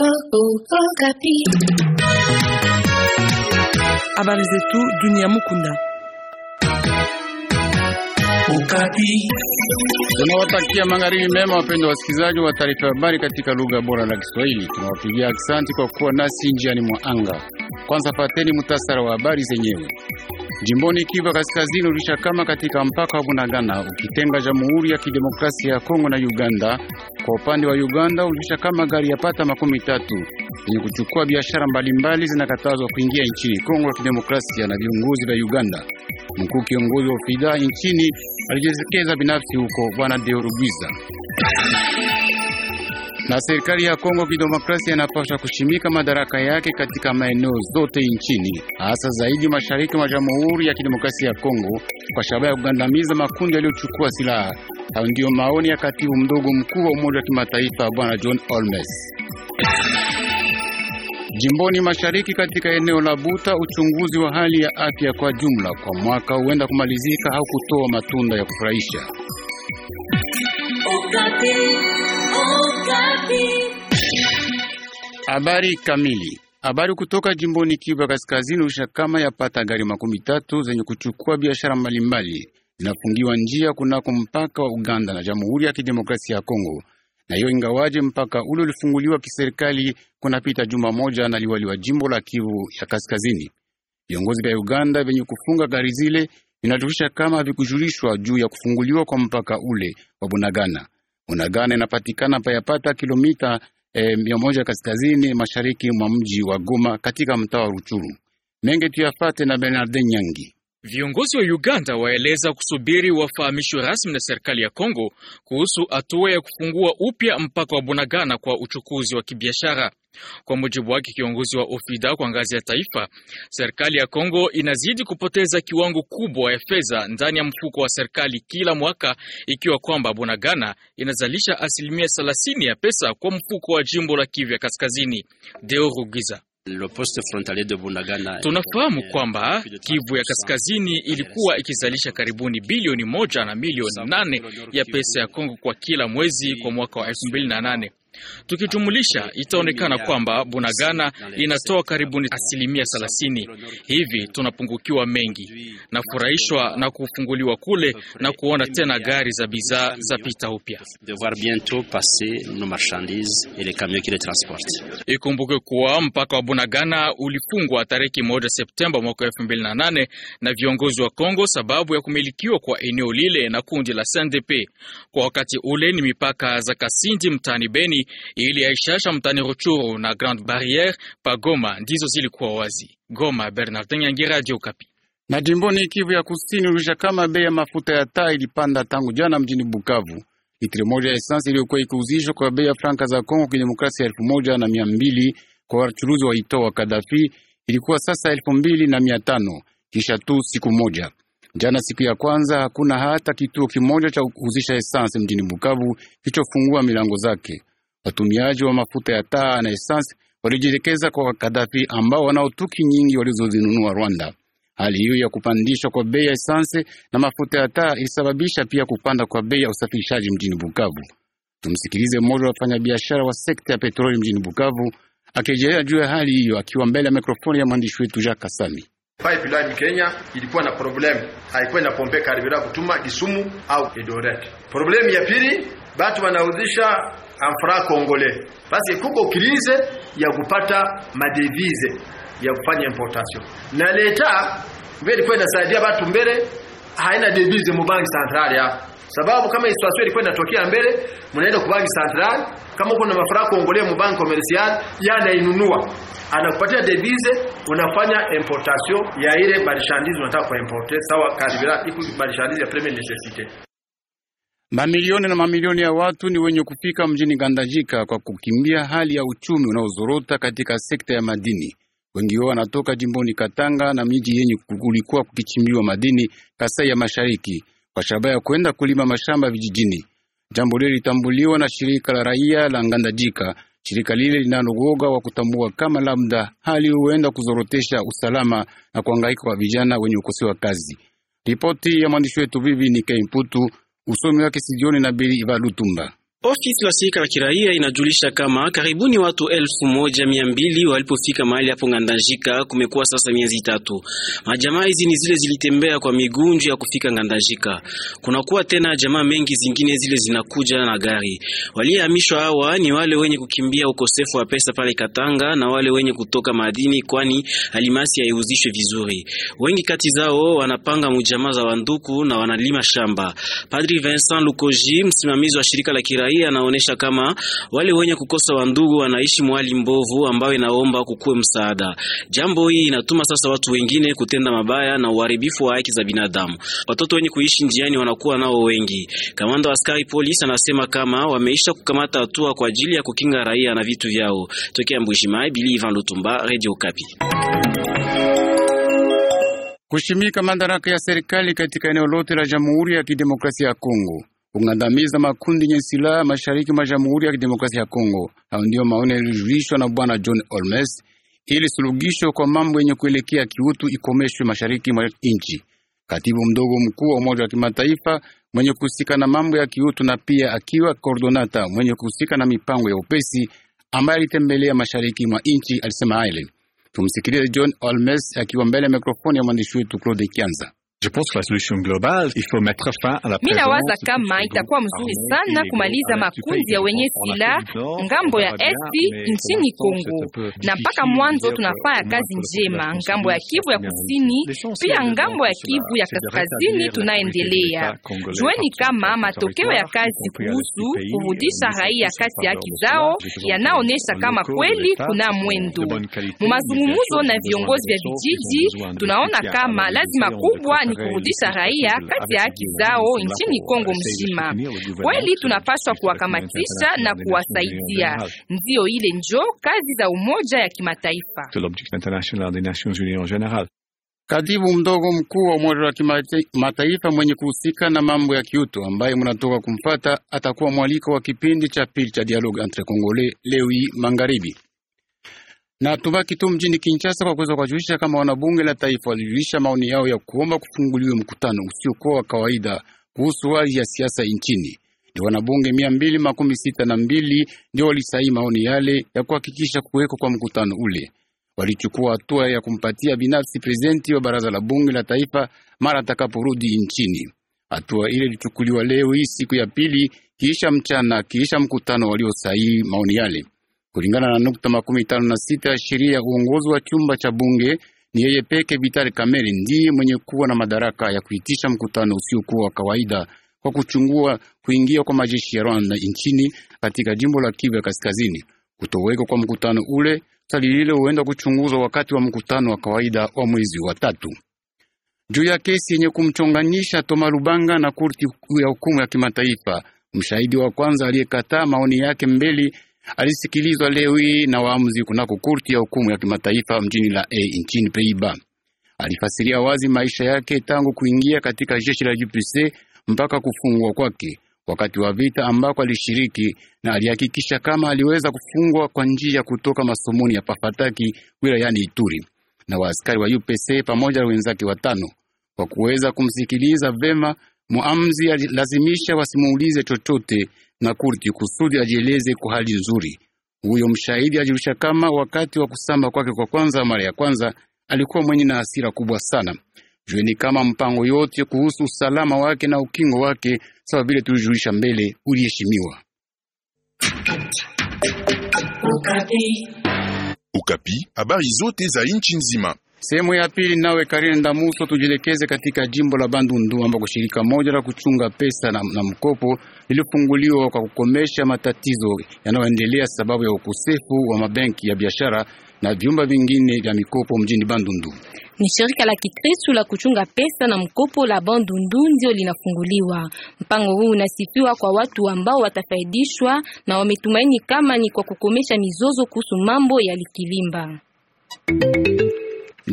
Oh oh oh capi de tout d'un Yamukunda. Tunawatakia magharibi mema, wapendwa wasikilizaji wa taarifa ya habari katika lugha bora la Kiswahili. Tunawapigia aksanti kwa kuwa nasi njiani mwa anga. Kwanza pateni mtasara wa habari zenyewe. Jimboni Kivu Kaskazini, kama katika mpaka wa Bunagana ukitenga Jamhuri ya Kidemokrasia ya Kongo na Uganda. Kwa upande wa Uganda, kama gari yapata makumi tatu yenye kuchukua biashara mbalimbali zinakatazwa kuingia nchini Kongo ya Kidemokrasia na viongozi vya Uganda. Mkuu kiongozi wa FIDA nchini alijielekeza binafsi huko, bwana Deorugwiza na serikali ya Kongo Kidemokrasia inapaswa kushimika madaraka yake katika maeneo zote nchini, hasa zaidi mashariki mwa Jamhuri ya Kidemokrasia ya Kongo kwa shabaha ya kugandamiza makundi yaliyochukua silaha. Hayo ndiyo maoni ya katibu mdogo mkuu wa Umoja wa Kimataifa bwana John Olmes. Jimboni Mashariki katika eneo la Buta, uchunguzi wa hali ya afya kwa jumla kwa mwaka huenda kumalizika au kutoa matunda ya kufurahisha. Habari kamili. Habari kutoka jimboni Kivu Kaskazini Kaskazini, ushakama yapata gari makumi tatu zenye kuchukua biashara mbalimbali zinafungiwa njia kunako mpaka wa Uganda na Jamhuri ya Kidemokrasia ya Kongo na hiyo ingawaje mpaka ule ulifunguliwa kiserikali kunapita juma moja na liwali wa jimbo la Kivu ya Kaskazini. Viongozi vya Uganda vyenye kufunga gari zile vinatuhisha kama havikujulishwa juu ya kufunguliwa kwa mpaka ule wa Bunagana. Bunagana inapatikana payapata kilomita eh, mia moja kaskazini mashariki mwa mji wa Goma katika mtaa wa Ruchuru. Mengi tuyafate na Bernard Nyangi. Viongozi wa Uganda waeleza kusubiri wafahamishwe rasmi na serikali ya Kongo kuhusu hatua ya kufungua upya mpaka wa Bunagana kwa uchukuzi wa kibiashara. Kwa mujibu wake kiongozi wa OFIDA kwa ngazi ya taifa, serikali ya Kongo inazidi kupoteza kiwango kubwa ya fedha ndani ya mfuko wa serikali kila mwaka, ikiwa kwamba Bunagana inazalisha asilimia 30 ya pesa kwa mfuko wa jimbo la Kivu ya Kaskazini. Deo Rugiza Tunafahamu kwamba Kivu ya Kaskazini ilikuwa ikizalisha karibuni bilioni moja na milioni nane ya pesa ya Kongo kwa kila mwezi kwa mwaka wa elfu mbili na nane. Tukijumulisha itaonekana kwamba Bunagana inatoa karibuni asilimia thelathini Hivi tunapungukiwa mengi. Nafurahishwa na kufunguliwa kule na kuona tena gari za bidhaa za pita upya. Ikumbuke kuwa mpaka wa Bunagana ulifungwa tariki moja Septemba mwaka mbili na viongozi wa Kongo sababu ya kumilikiwa kwa eneo lile na kundi la SNDP. Kwa wakati ule ni mipaka za Kasindi mtaani Beni ili Aishasha mtani Ruchuru na Grande Barriere pa Goma ndizo zilikuwa wazi. Goma, Bernardin Yangi, Radio Okapi. Na jimboni Kivu ya Kusini ulisha kama bei ya mafuta ya taa ilipanda tangu jana mjini Bukavu. Litri moja ya esansi iliyokuwa ikiuzishwa kwa bei ya franka za Kongo kidemokrasia elfu moja na mia mbili kwa wachuruzi wa itoa wa Kadafi ilikuwa sasa elfu mbili na mia tano kisha tu siku moja. Jana siku ya kwanza hakuna hata kituo kimoja cha kuuzisha esansi mjini Bukavu kilichofungua milango zake. Watumiaji wa mafuta ya taa na esansi walijielekeza kwa kadhafi ambao wanao tuki nyingi walizozinunua Rwanda. Hali hiyo ya kupandishwa kwa bei ya esansi na mafuta ya taa ilisababisha pia kupanda kwa bei ya usafirishaji mjini Bukavu. Tumsikilize mmoja wa wafanyabiashara wa sekta ya petroli mjini Bukavu akijelea juu ya hali hiyo akiwa mbele ya mikrofoni ya mwandishi wetu Jacques Kasami. Pipeline Kenya ilikuwa na problem, haikuwa inapompea karibira kutuma Kisumu au Eldoret. Problemu ya pili, batu wanauzisha enfra congolais parce kuko crise ya kupata madevize ya kufanya importation na leta mbele kwenda saidia watu mbele haina devize mu banki central ya sababu kama iswasio ilikuwa inatokea mbele mnaenda ku banki central kama uko na mafurako mu banki commercial inunua anakupatia devize unafanya importation ya ile marchandise unataka kuimporte sawa karibira iko marchandise ya première necessité Mamilioni na mamilioni ya watu ni wenye kufika mjini Ngandajika kwa kukimbia hali ya uchumi unaozorota katika sekta ya madini. Wengi wao wanatoka jimboni Katanga na miji yenye kulikuwa kukichimbiwa madini Kasai ya Mashariki kwa shabaha ya kwenda kulima mashamba vijijini. Jambo lile litambuliwa na shirika la raia la Ngandajika, shirika lile linanogoga wa kutambua kama labda hali huenda kuzorotesha usalama na kuhangaika kwa vijana wenye ukosewa kazi. Ripoti ya mwandishi wetu Vivi ni Kemputu Usomi wake Sidioni na Bili Iva Lutumba. Ofisi la shirika la kiraia inajulisha kama karibuni watu elfu moja mia mbili walipofika mahali hapo Ngandajika. Kumekuwa sasa miezi tatu. Majamaa hizi ni zile zilitembea kwa migunju ya kufika Ngandajika. Kunakuwa tena jamaa mengi zingine zile zinakuja na gari. Waliohamishwa hawa ni wale wenye kukimbia ukosefu wa pesa pale Katanga na wale wenye kutoka madini, kwani alimasi haiuzishwe vizuri. Wengi kati zao wanapanga mujamaa za wanduku na wanalima shamba. Padri Vincent Lukoji, msimamizi wa shirika la kiraia raia anaonesha kama wale wenye kukosa wandugu wanaishi mwali mbovu ambayo inaomba kukuwe msaada. Jambo hii inatuma sasa watu wengine kutenda mabaya na uharibifu wa haki za binadamu. Watoto wenye kuishi njiani wanakuwa nao wengi. Kamanda wa askari polisi anasema kama wameisha kukamata hatua kwa ajili ya kukinga raia na vitu vyao. Tokea Mbujimayi, Bili Ivan Lutumba, Radio Kapi. Kushimika madaraka ya serikali katika eneo lote la Jamhuri ya Kidemokrasia ya Kongo kungandamiza makundi yenye silaha mashariki mwa Jamhuri ya Kidemokrasia ya Kongo. Hayo ndiyo maoni yalijulishwa na Bwana John Olmes, ili suluhisho kwa mambo yenye kuelekea kiutu ikomeshwe mashariki mwa nchi. Katibu mdogo mkuu wa Umoja wa Kimataifa mwenye kuhusika na mambo ya kiutu na pia akiwa koordonata mwenye kuhusika na mipango ya upesi ambaye alitembelea mashariki mwa nchi alisema hili. Tumsikilize John Olmes akiwa mbele ya mikrofoni ya mwandishi wetu Claude Kianza. Je pense que la solution globale, il faut mettre fin à la mina waza kama itakuwa mzuri sana kumaliza makundi ya wenye sila euh, ngambo ya esti nchini Kongo, na mpaka mwanzo tunafanya kazi njema ngambo ya Kivu ya kusini, pia ngambo ya Kivu ya kaskazini tunaendelea. Jueni kama matokeo ya kazi kuhusu kurudisha raia kati ya haki zao yanaonesha kama kweli kuna mwendo. Mu mazungumuzo na viongozi vya vijiji tunaona kama lazima kubwa ni kurudisha raia kati ya haki zao nchini Kongo mzima. Kweli tunapaswa kuwakamatisha na kuwasaidia, ndio ile njo kazi za Umoja ya Kimataifa. Katibu mdogo mkuu wa Umoja wa Kimataifa mwenye kuhusika na mambo ya kiuto ambaye mnatoka kumfata atakuwa mwaliko wa kipindi cha pili cha Dialogue entre Congolais leo hii magharibi na tubaki tu mjini Kinshasa kwa kuweza kuwajulisha kama wanabunge la taifa walijulisha maoni yao ya kuomba kufunguliwe mkutano usiokuwa wa kawaida kuhusu hali ya siasa nchini. Ndio wanabunge mia mbili makumi sita na mbili ndio walisaini maoni yale ya kuhakikisha kuweko kwa mkutano ule. Walichukua hatua ya kumpatia binafsi prezidenti wa baraza la bunge la taifa mara atakaporudi nchini. Hatua ile ilichukuliwa leo hii siku ya pili kisha mchana kisha mkutano waliosaini maoni yale. Kulingana na nukta makumi tano na sita ya sheria ya uongozi wa chumba cha bunge, ni yeye peke Vitali Kamere ndiye mwenye kuwa na madaraka ya kuitisha mkutano usiokuwa wa kawaida kwa kuchungua kuingia kwa majeshi ya Rwanda nchini katika jimbo la Kivu ya Kaskazini. Kutoweka kwa mkutano ule, swali lile huenda kuchunguzwa wakati wa mkutano wa kawaida wa mwezi wa tatu juu ya kesi yenye kumchonganisha Toma Lubanga na kurti ya hukumu ya kimataifa. Mshahidi wa kwanza aliyekataa maoni yake mbele alisikilizwa leo hii na waamuzi kunako kurti ya hukumu ya kimataifa mjini La A nchini Peiba. Alifasiria wazi maisha yake tangu kuingia katika jeshi la UPC mpaka kufungwa kwake wakati wa vita ambako alishiriki, na alihakikisha kama aliweza kufungwa kwa njia kutoka masomoni ya Pafataki wilayani Ituri na waaskari wa UPC pamoja na wenzake watano. Kwa kuweza kumsikiliza vema, muamzi alilazimisha wasimuulize chochote na kurti kusudi ajieleze kwa hali nzuri. Huyo mshahidi ajirusha kama wakati wa kusamba kwake kwa kwanza mara ya kwanza alikuwa mwenye na hasira kubwa sana. Jueni kama mpango yote kuhusu usalama wake na ukingo wake sawa vile tulijulisha mbele uliheshimiwa. Ukapi. Ukapi, habari zote za nchi nzima. Sehemu ya pili nawe Karine Ndamuso, tujielekeze katika jimbo la Bandundu ambako shirika moja la kuchunga pesa na, na mkopo lilifunguliwa kwa kukomesha matatizo yanayoendelea sababu ya ukosefu wa mabenki ya biashara na vyumba vingine vya mikopo mjini Bandundu. Ni shirika la Kikristo la kuchunga pesa na mkopo la Bandundu ndio linafunguliwa. Mpango huu unasifiwa kwa watu ambao watafaidishwa na wametumaini kama ni kwa kukomesha mizozo kuhusu mambo ya likilimba.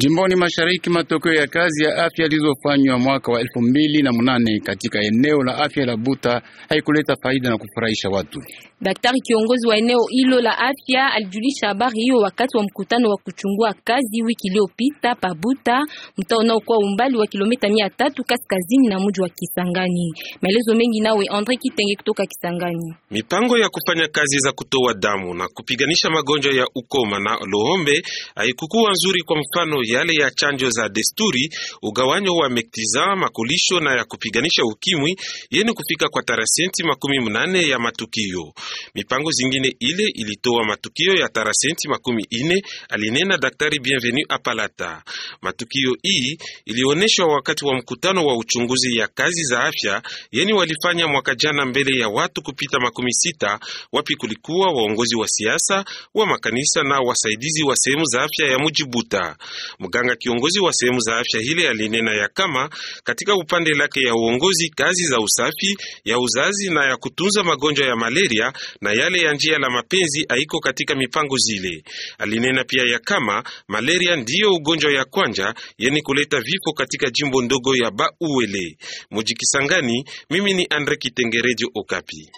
Jimboni Mashariki, matokeo ya kazi ya afya zilizofanywa mwaka wa elfu mbili na munane katika eneo la afya la Buta haikuleta faida na kufurahisha watu. Daktari kiongozi wa eneo hilo la afya alijulisha habari hiyo wakati wa mkutano wa kuchungua kazi wiki iliyopita pa Buta, mtaa unaokuwa umbali wa kilomita mia tatu kaskazini na mji wa Kisangani. Maelezo mengi nawe Andre Kitenge kutoka Kisangani. Mipango ya kufanya kazi za kutoa damu na kupiganisha magonjwa ya ukoma na lohombe haikukuwa nzuri, kwa mfano yale ya chanjo za desturi, ugawanyo wa mektiza makulisho na ya kupiganisha ukimwi yeni kufika kwa tarasenti makumi mnane ya matukio. Mipango zingine ile ilitoa matukio ya tarasenti makumi ine, alinena Daktari Bienvenu Apalata. Matukio hii ilionyeshwa wakati wa mkutano wa uchunguzi ya kazi za afya yeni walifanya mwaka jana mbele ya watu kupita makumi sita, wapi kulikuwa waongozi wa siasa wa makanisa na wasaidizi wa sehemu za afya ya mji Buta. Mganga kiongozi wa sehemu za afya hile alinena ya kama katika upande lake ya uongozi, kazi za usafi ya uzazi na ya kutunza magonjwa ya malaria na yale ya njia la mapenzi haiko katika mipango zile. Alinena pia ya kama malaria ndiyo ugonjwa ya kwanja yani kuleta vifo katika jimbo ndogo ya Bauele mujikisangani. Mimi ni Andre Kitengerejo Okapi.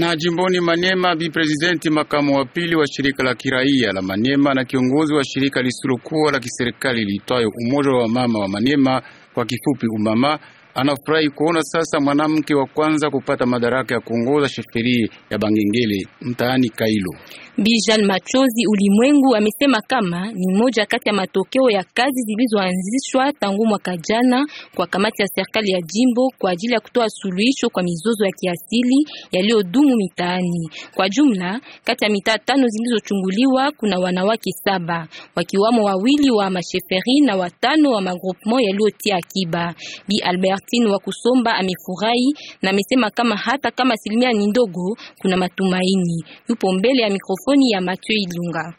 Na jimboni manema bi presidenti makamu wa pili wa shirika la kiraia la manema na kiongozi wa shirika lisilokuwa la kiserikali liitwayo Umoja wa Mama wa manema kwa kifupi Umama, anafurahi kuona sasa mwanamke wa kwanza kupata madaraka ya kuongoza sheferi ya Bangengele mtaani Kailo. Bijan Machozi Ulimwengu amesema kama ni moja kati ya matokeo ya kazi zilizoanzishwa tangu mwaka jana kwa kamati ya serikali ya jimbo kwa ajili ya kutoa suluhisho kwa mizozo ya kiasili yaliyodumu mitaani. Kwa jumla, kati ya mitaa tano zilizochunguliwa kuna wanawake saba, wakiwamo wawili wa masheferi na watano wa magrupmo yaliyotia akiba. Bi Albertine wa Kusomba amefurahi na amesema kama hata kama asilimia ni ndogo, kuna matumaini. Yupo mbele ya mikrofoni mikrofoni ya Mathieu Ilunga.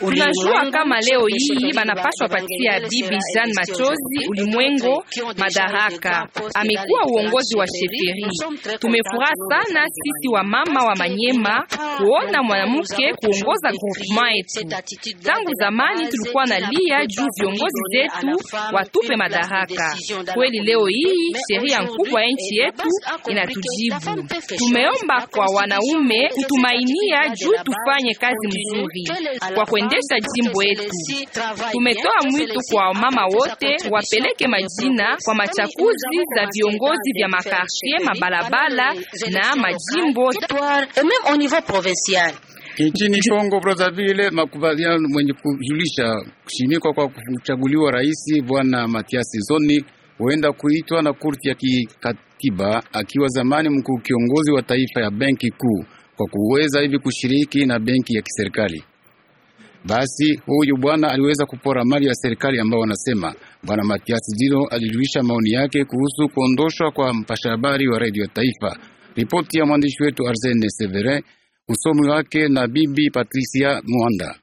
Tunajua kama leo hii banapaswa patia Bibi Jeanne Machozi ulimwengo madaraka, amekuwa uongozi wa sheferi. tumefura sana sisi wa mama wa Manyema kuona mwanamke kuongoza groupement yetu. Tangu zamani tulikuwa na lia juu viongozi zetu watupe madaraka. Kweli leo hii sheria nkubwa ya nchi yetu inatujibu. Tumeomba kwa wanaume kutumainia juu tufanye kazi mzuri kwa kuendesha jimbo yetu. Tumetoa mwito kwa mama wote wapeleke majina kwa machakuzi za viongozi vya makartie, mabalabala na majimbo nchini Kongo Brazzaville. Makubaliano mwenye kujulisha kushimikwa kwa kuchaguliwa rais bwana Matias Zoni huenda kuitwa na kurti ya kikatiba akiwa zamani mkuu kiongozi wa taifa ya benki kuu kwa kuweza hivi kushiriki na benki ya kiserikali. Basi huyu bwana aliweza kupora mali ya serikali ambao wanasema. Bwana Matias dino alijulisha maoni yake kuhusu kuondoshwa kwa mpasha habari wa redio Taifa. Ripoti ya mwandishi wetu Arsene Severin, usomi wake na bibi Patricia Muanda.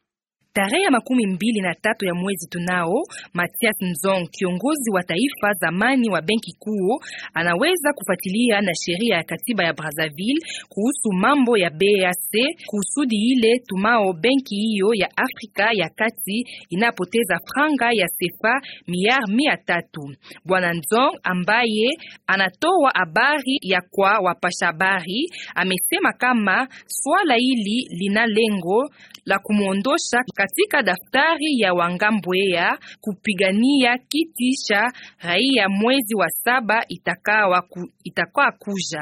Tarehe ya makumi mbili na tatu ya mwezi tunao Mathias Mzong, kiongozi wa taifa zamani wa benki kuu, anaweza kufuatilia na sheria ya katiba ya Brazzaville kuhusu mambo ya BAC kusudi ile tumao benki hiyo ya Afrika ya kati inapoteza franga ya sefa miar mia tatu. Bwana Nzong ambaye anatoa habari ya kwa wapashabari amesema kama swala hili lina lengo la kumwondosha katika daftari ya Wangambwea kupigania kiti cha raia mwezi wa saba itakawa ku, itakawa kuja.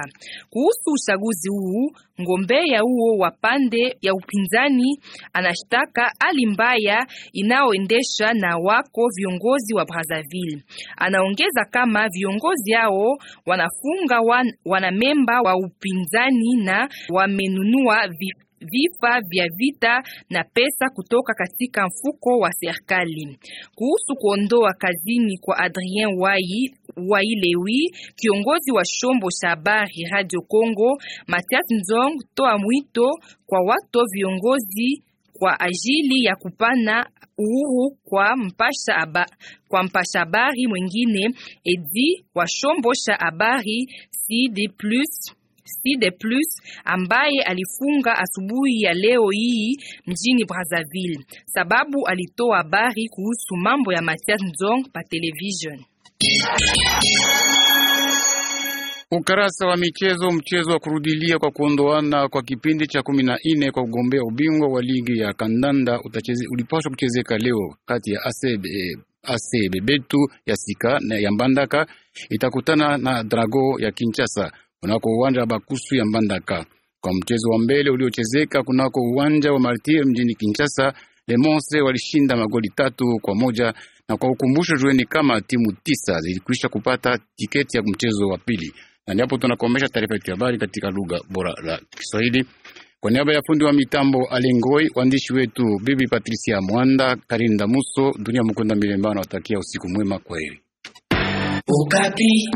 Kuhusu uchaguzi huu, ngombea huo wa pande ya upinzani anashtaka hali mbaya inaoendesha na wako viongozi wa Brazzaville. Anaongeza kama viongozi hao wanafunga wan, wanamemba wa upinzani na wamenunua vifaa vifa vya vita na pesa kutoka katika mfuko wa serikali. Kuhusu kuondoa kazini kwa Adrien Wai Wailewi, kiongozi wa shombo cha habari Radio Congo, Mathias Nzong toa mwito kwa watu viongozi kwa ajili ya kupana uhuru kwa mpasha aba, kwa mpasha habari mwingine edi wa shombo cha habari CD+ Cide Plus ambaye alifunga asubuhi ya leo hii mjini Brazzaville, sababu alitoa habari kuhusu mambo ya Mathias Nzong pa television. Ukarasa wa michezo. Mchezo wa kurudilia kwa kuondoana kwa kipindi cha kumi na nne kwa kugombea ubingwa wa ligi ya kandanda ulipaswa kuchezeka leo kati ya ASEB ASEB betu ya Sika na ya Mbandaka itakutana na Drago ya Kinshasa kunako uwanja wa Bakusu ya Mbandaka. Kwa mchezo wa mbele uliochezeka kunako uwanja wa Martir mjini Kinshasa, Le Monstre walishinda magoli tatu kwa moja na kwa ukumbusho, jueni kama timu tisa zilikwisha kupata tiketi ya mchezo wa pili. Na ndipo tunakomesha taarifa yetu ya habari katika lugha bora la Kiswahili. Kwa niaba ya fundi wa mitambo Alengoi, waandishi wetu Bibi Patricia Mwanda, Karinda Muso, Dunia Mukunda Milemba, nawatakia usiku mwema. kwa heri. Ukapi.